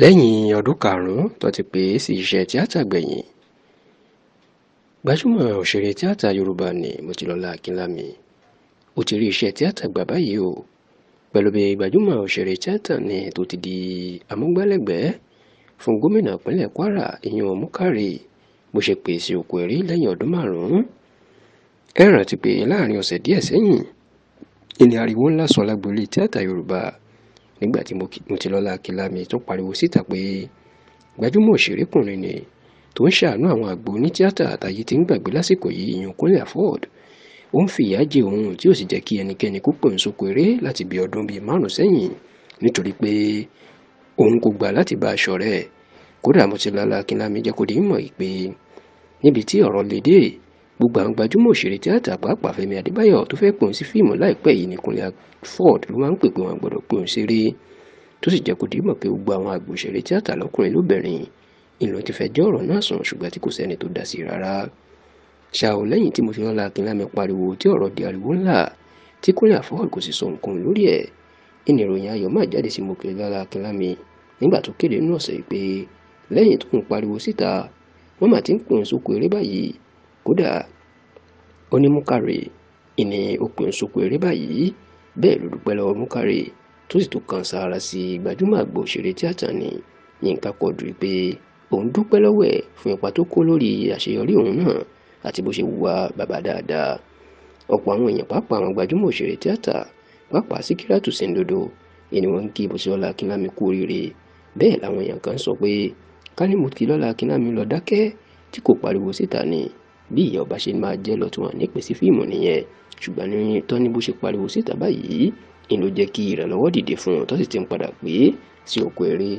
lẹ́yìn ọdún karùn-ún tó ti pè é sí iṣẹ́ tíátà gbẹ̀yìn gbajúmọ̀ òṣèré tíátà yorùbá ni Mọ́tilọ́lá Akínlámi ó ti rí iṣẹ́ tíátà gbà báyìí o pẹ̀lú bí gbajúmọ̀ òṣèré tíátà ni tó ti di amúgbálẹ́gbẹ̀ẹ́ fún gómìnà ìpínlẹ̀ Kwara ìyẹn Ọmúkárì bó ṣe pè sí òkú ẹ̀rí lẹ́yìn ọdún márùn-ún ẹ̀ràn ti pè láàrin ọ̀sẹ̀ díẹ̀ sẹ́yìn ìní ariwo ńlá sọ lágboolé tíátà yorùbá nígbà tí Mutilola Akinlami tó pariwo síta pé gbajúmọ̀ òṣèrékùnrin ni tó ń ṣàánú àwọn àgbò onítíátà àtàyè tí ń gbàgbé lásìkò yìí ìyún Kúnlé Afod ó ń fìyà jẹ òun tí ó sì jẹ́ kí ẹnikẹ́ni kó pè ń soko eré láti bí ọdún bíi márùn sẹ́yìn nítorí pé òun kò gbà láti bá aṣọ rẹ̀ kódà Mutilola Akinlami jẹ́ kó di mọ̀ pé níbi tí ọ̀rọ̀ lè dé gbogbo àwọn gbajúmọ̀ òṣèré tíátà pàápàá Fẹ́mi Adébáyọ̀ tó fẹ́ pè òun sí fíìmù láìpẹ́ yìí ní Kúnlé Afọ́ọ̀dù ló máa ń pè pé wọn gbọ́dọ̀ pè òun ṣeré tó sì jẹ́ kó dì í mọ̀ pé gbogbo àwọn àgbò òṣèré tíátà lọ́kùnrin lóbìnrin ìlú ti fẹjọ́ ọ̀rọ̀ náà sùn ṣùgbọ́n tí kò sẹ́ni tó dá sí i rárá ṣàò lẹ́yìn tí mo fi ọlá akínlámi pariwo tí ọ̀rọ̀ di ariwo ńlá tí Kúnlé Afọ́ọ̀dù kò sì sọ nǹkan lórí ẹ̀ ìnìròyìn máa ti ń pè é eré báyìí kódà ó ní Múkàrè ìní òpin òṣòkò eré báyìí bẹ́ẹ̀ ló dúpẹ́ lọ́wọ́ Múkàrè tó sì tún kan sára sí gbajúmọ̀ àgbà òṣèré tíátà ni Yínká Quadri pé òun dúpẹ́ lọ́wọ́ ẹ̀ fún ipa tó kó lórí àṣeyọrí òun náà àti bó ṣe wùwà bàbá dáadáa ọ̀pọ̀ àwọn èèyàn pàápàá àwọn gbajúmọ̀ òṣèré tíátà pàápàá Síkírátù Sìǹdòdò ni wọ́n ń kí Bùsọ́lá Akínlámi kú oríire bẹ́ẹ̀ làwọn èèyàn kan sọ pé ká ní Bùsọ́lá Akínlámi lọ dákẹ́ tí kò pariwo síta ni bí ìyá ọba ṣe máa jẹ́ lọ tí wọ́n ní pèsè fíìmù nìyẹn ṣùgbọ́n ní tọ́ni bó ṣe pariwo síta báyìí ń ló jẹ́ kí ìrànlọ́wọ́ dìde fún un tó sì ti ń padà pé sí oko eré.